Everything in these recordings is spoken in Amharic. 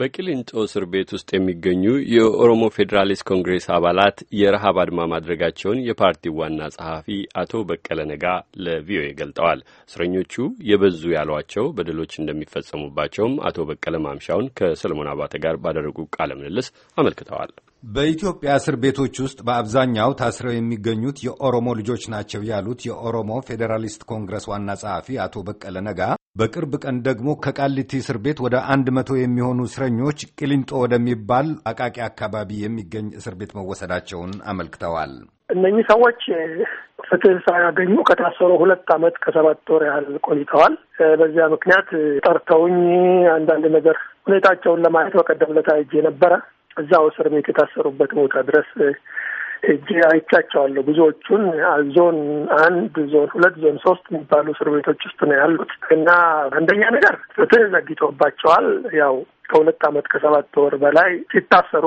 በቅሊንጦ እስር ቤት ውስጥ የሚገኙ የኦሮሞ ፌዴራሊስት ኮንግሬስ አባላት የረሃብ አድማ ማድረጋቸውን የፓርቲው ዋና ጸሐፊ አቶ በቀለ ነጋ ለቪኦኤ ገልጠዋል። እስረኞቹ የበዙ ያሏቸው በደሎች እንደሚፈጸሙባቸውም አቶ በቀለ ማምሻውን ከሰለሞን አባተ ጋር ባደረጉ ቃለ ምልልስ አመልክተዋል። በኢትዮጵያ እስር ቤቶች ውስጥ በአብዛኛው ታስረው የሚገኙት የኦሮሞ ልጆች ናቸው ያሉት የኦሮሞ ፌዴራሊስት ኮንግረስ ዋና ጸሐፊ አቶ በቀለ ነጋ በቅርብ ቀን ደግሞ ከቃሊቲ እስር ቤት ወደ አንድ መቶ የሚሆኑ እስረኞች ቅሊንጦ ወደሚባል አቃቂ አካባቢ የሚገኝ እስር ቤት መወሰዳቸውን አመልክተዋል። እነኚህ ሰዎች ፍትህ ሳያገኙ ከታሰሩ ሁለት ዓመት ከሰባት ወር ያህል ቆይተዋል። በዚያ ምክንያት ጠርተውኝ አንዳንድ ነገር ሁኔታቸውን ለማየት በቀደም ለታ ሄጄ ነበረ። እዛው እስር ቤት የታሰሩበት ቦታ ድረስ እጅ አይቻቸዋለሁ። ብዙዎቹን ዞን አንድ፣ ዞን ሁለት፣ ዞን ሶስት የሚባሉ እስር ቤቶች ውስጥ ነው ያሉት እና አንደኛ ነገር ፍትህ ያው ከሁለት አመት ከሰባት ወር በላይ ሲታሰሩ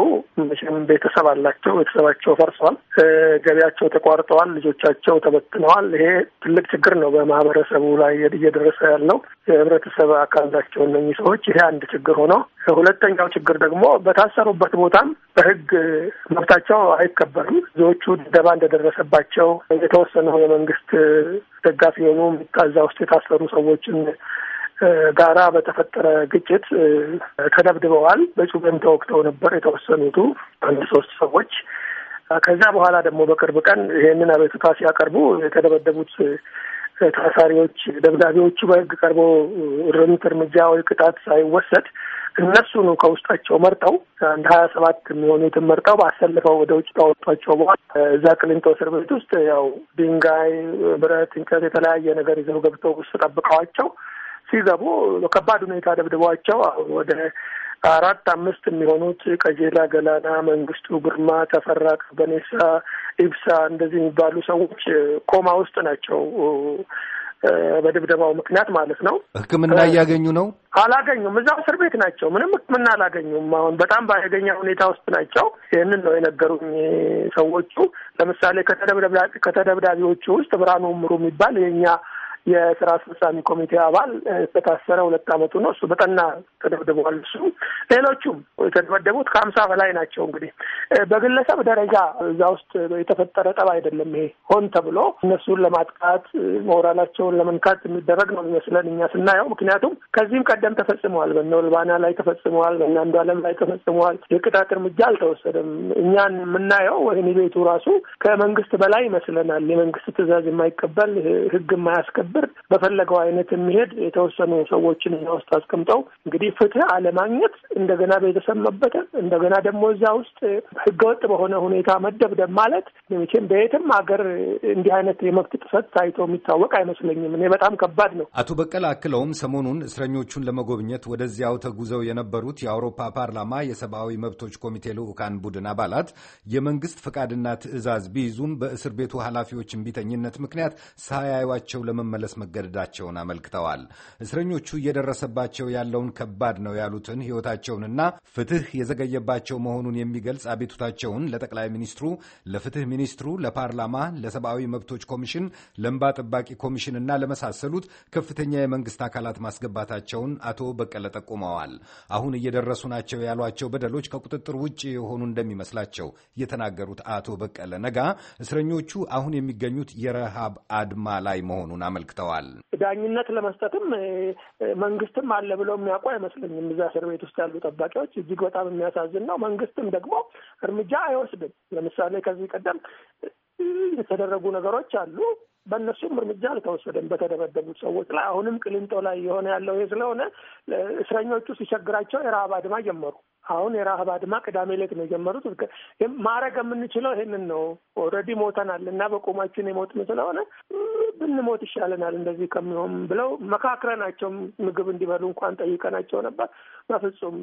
መቼም ቤተሰብ አላቸው። ቤተሰባቸው ፈርሷል፣ ገቢያቸው ተቋርጠዋል፣ ልጆቻቸው ተበትነዋል። ይሄ ትልቅ ችግር ነው በማህበረሰቡ ላይ እየደረሰ ያለው። የህብረተሰብ አካል ናቸው እነኚህ ሰዎች። ይሄ አንድ ችግር ሆኖ፣ ሁለተኛው ችግር ደግሞ በታሰሩበት ቦታም በህግ መብታቸው አይከበርም። ብዙዎቹ ድብደባ እንደደረሰባቸው የተወሰነው የመንግስት ደጋፊ የሆኑ ሚቃዛ ውስጥ የታሰሩ ሰዎችን ጋራ በተፈጠረ ግጭት ተደብድበዋል። በጩቤም ተወቅተው ነበር የተወሰኑቱ አንድ ሶስት ሰዎች። ከዛ በኋላ ደግሞ በቅርብ ቀን ይህንን አቤቱታ ሲያቀርቡ የተደበደቡት ታሳሪዎች፣ ደብዳቤዎቹ በሕግ ቀርቦ ርምት እርምጃ ወይ ቅጣት ሳይወሰድ እነሱኑ ከውስጣቸው መርጠው አንድ ሀያ ሰባት የሚሆኑትን መርጠው በአሰልፈው ወደ ውጭ ታወጧቸው። በኋላ እዛ ቅሊንጦ እስር ቤት ውስጥ ያው ድንጋይ፣ ብረት፣ እንጨት የተለያየ ነገር ይዘው ገብተው ውስጥ ጠብቀዋቸው ሲገቡ ከባድ ሁኔታ ደብድበዋቸው አሁን ወደ አራት አምስት የሚሆኑት ቀጀላ ገላና፣ መንግስቱ ግርማ፣ ተፈራ ቀበኔሳ፣ ኢብሳ እንደዚህ የሚባሉ ሰዎች ኮማ ውስጥ ናቸው። በድብደባው ምክንያት ማለት ነው። ሕክምና እያገኙ ነው? አላገኙም። እዛው እስር ቤት ናቸው። ምንም ሕክምና አላገኙም። አሁን በጣም በአደገኛ ሁኔታ ውስጥ ናቸው። ይህንን ነው የነገሩኝ ሰዎቹ። ለምሳሌ ከተደብዳቢዎቹ ውስጥ ብርሃኑ ምሩ የሚባል የእኛ የስራ አስፈጻሚ ኮሚቴ አባል በታሰረ ሁለት አመቱ ነው። እሱ በጠና ተደብድበዋል። እሱ ሌሎቹም የተደበደቡት ከሀምሳ በላይ ናቸው። እንግዲህ በግለሰብ ደረጃ እዛ ውስጥ የተፈጠረ ጠብ አይደለም። ይሄ ሆን ተብሎ እነሱን ለማጥቃት ሞራላቸውን ለመንካት የሚደረግ ነው የሚመስለን እኛ ስናየው። ምክንያቱም ከዚህም ቀደም ተፈጽመዋል። በእነ ላይ ተፈጽመዋል። በእነ አንዱ አለም ላይ ተፈጽመዋል። የቅጣት እርምጃ አልተወሰደም። እኛን የምናየው ወህኒ ቤቱ ራሱ ከመንግስት በላይ ይመስለናል። የመንግስት ትእዛዝ የማይቀበል ህግ የማያስቀብል ነበር። በፈለገው አይነት የሚሄድ የተወሰኑ ሰዎችን እዛ ውስጥ አስቀምጠው እንግዲህ ፍትህ አለማግኘት እንደገና ቤተሰብ መበተን እንደገና ደግሞ እዛ ውስጥ ህገወጥ በሆነ ሁኔታ መደብደብ ማለት መቼም በየትም ሀገር እንዲህ አይነት የመብት ጥሰት ታይቶ የሚታወቅ አይመስለኝም። እኔ በጣም ከባድ ነው። አቶ በቀለ አክለውም ሰሞኑን እስረኞቹን ለመጎብኘት ወደዚያው ተጉዘው የነበሩት የአውሮፓ ፓርላማ የሰብአዊ መብቶች ኮሚቴ ልዑካን ቡድን አባላት የመንግስት ፈቃድና ትዕዛዝ ቢይዙም በእስር ቤቱ ኃላፊዎች እምቢተኝነት ምክንያት ሳያዩቸው ለመመለስ ለመመለስ መገደዳቸውን አመልክተዋል። እስረኞቹ እየደረሰባቸው ያለውን ከባድ ነው ያሉትን ሕይወታቸውንና ፍትህ የዘገየባቸው መሆኑን የሚገልጽ አቤቱታቸውን ለጠቅላይ ሚኒስትሩ፣ ለፍትህ ሚኒስትሩ፣ ለፓርላማ፣ ለሰብአዊ መብቶች ኮሚሽን፣ ለእንባ ጠባቂ ኮሚሽን እና ለመሳሰሉት ከፍተኛ የመንግስት አካላት ማስገባታቸውን አቶ በቀለ ጠቁመዋል። አሁን እየደረሱ ናቸው ያሏቸው በደሎች ከቁጥጥር ውጭ የሆኑ እንደሚመስላቸው የተናገሩት አቶ በቀለ ነጋ እስረኞቹ አሁን የሚገኙት የረሃብ አድማ ላይ መሆኑን አመልክተዋል። አመልክተዋል። ዳኝነት ለመስጠትም መንግስትም አለ ብለው የሚያውቁ አይመስለኝም። እዛ እስር ቤት ውስጥ ያሉ ጠባቂዎች እጅግ በጣም የሚያሳዝን ነው። መንግስትም ደግሞ እርምጃ አይወስድም። ለምሳሌ ከዚህ ቀደም የተደረጉ ነገሮች አሉ። በእነሱም እርምጃ አልተወሰደም በተደበደቡት ሰዎች ላይ። አሁንም ቅሊንጦ ላይ የሆነ ያለው ይህ ስለሆነ እስረኞቹ ሲቸግራቸው የረሃብ አድማ ጀመሩ። አሁን የረሃብ አድማ ቅዳሜ ዕለት ነው የጀመሩት። ማድረግ የምንችለው ይህንን ነው። ኦልሬዲ ሞተናል እና በቁማችን የሞትን ስለሆነ ብንሞት ይሻለናል እንደዚህ ከሚሆን ብለው መካክረናቸው ምግብ እንዲበሉ እንኳን ጠይቀናቸው ነበር። በፍጹም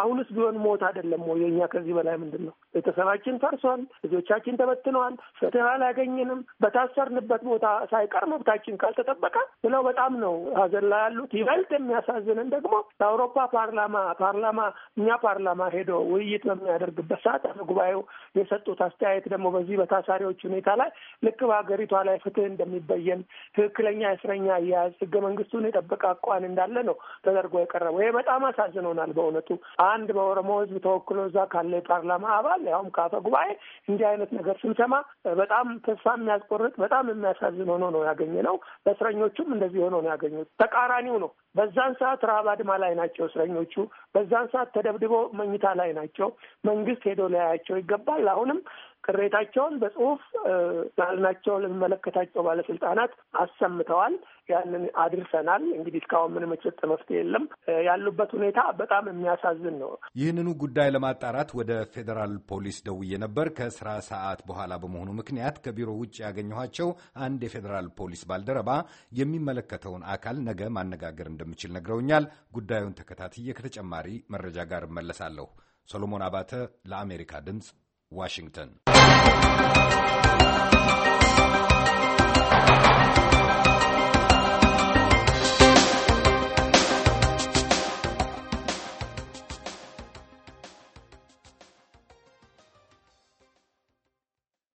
አሁንስ ቢሆን ሞት አይደለም ወይ የእኛ ከዚህ በላይ ምንድን ነው? ቤተሰባችን ፈርሷል፣ ልጆቻችን ተበትነዋል፣ ፍትህ አላገኝንም፣ በታሰርንበት ቦታ ሳይቀር መብታችን ካልተጠበቀ ብለው በጣም ነው ሀዘን ላይ ያሉት። ይበልጥ የሚያሳዝንን ደግሞ የአውሮፓ ፓርላማ ፓርላማ እኛ ፓርላማ ሄዶ ውይይት በሚያደርግበት ሰዓት ጉባኤው የሰጡት አስተያየት ደግሞ በዚህ በታሳሪዎች ሁኔታ ላይ ልክ በሀገሪቷ ላይ ፍትህ እንደሚበይ ያሳየን ትክክለኛ እስረኛ አያያዝ ህገ መንግስቱን የጠበቀ አቋን እንዳለ ነው ተደርጎ የቀረበው። ይሄ በጣም አሳዝኖናል በእውነቱ አንድ በኦሮሞ ህዝብ ተወክሎ እዛ ካለ የፓርላማ አባል ያውም ከአፈ ጉባኤ እንዲህ አይነት ነገር ስንሰማ በጣም ተስፋ የሚያስቆርጥ በጣም የሚያሳዝን ሆኖ ነው ያገኘ ነው። በእስረኞቹም እንደዚህ ሆኖ ነው ያገኙት። ተቃራኒው ነው። በዛን ሰዓት ረሃብ አድማ ላይ ናቸው እስረኞቹ። በዛን ሰዓት ተደብድበው መኝታ ላይ ናቸው። መንግስት ሄዶ ሊያያቸው ይገባል። አሁንም ቅሬታቸውን በጽሁፍ ላልናቸው ለሚመለከታቸው ባለስልጣናት አሰምተዋል። ያንን አድርሰናል። እንግዲህ እስካሁን ምንም የተሰጠ መፍትሄ የለም። ያሉበት ሁኔታ በጣም የሚያሳዝን ነው። ይህንኑ ጉዳይ ለማጣራት ወደ ፌዴራል ፖሊስ ደውዬ ነበር። ከስራ ሰዓት በኋላ በመሆኑ ምክንያት ከቢሮ ውጭ ያገኘኋቸው አንድ የፌዴራል ፖሊስ ባልደረባ የሚመለከተውን አካል ነገ ማነጋገር እንደምችል ነግረውኛል። ጉዳዩን ተከታትዬ ከተጨማሪ መረጃ ጋር እመለሳለሁ። ሰሎሞን አባተ ለአሜሪካ ድምፅ Washington.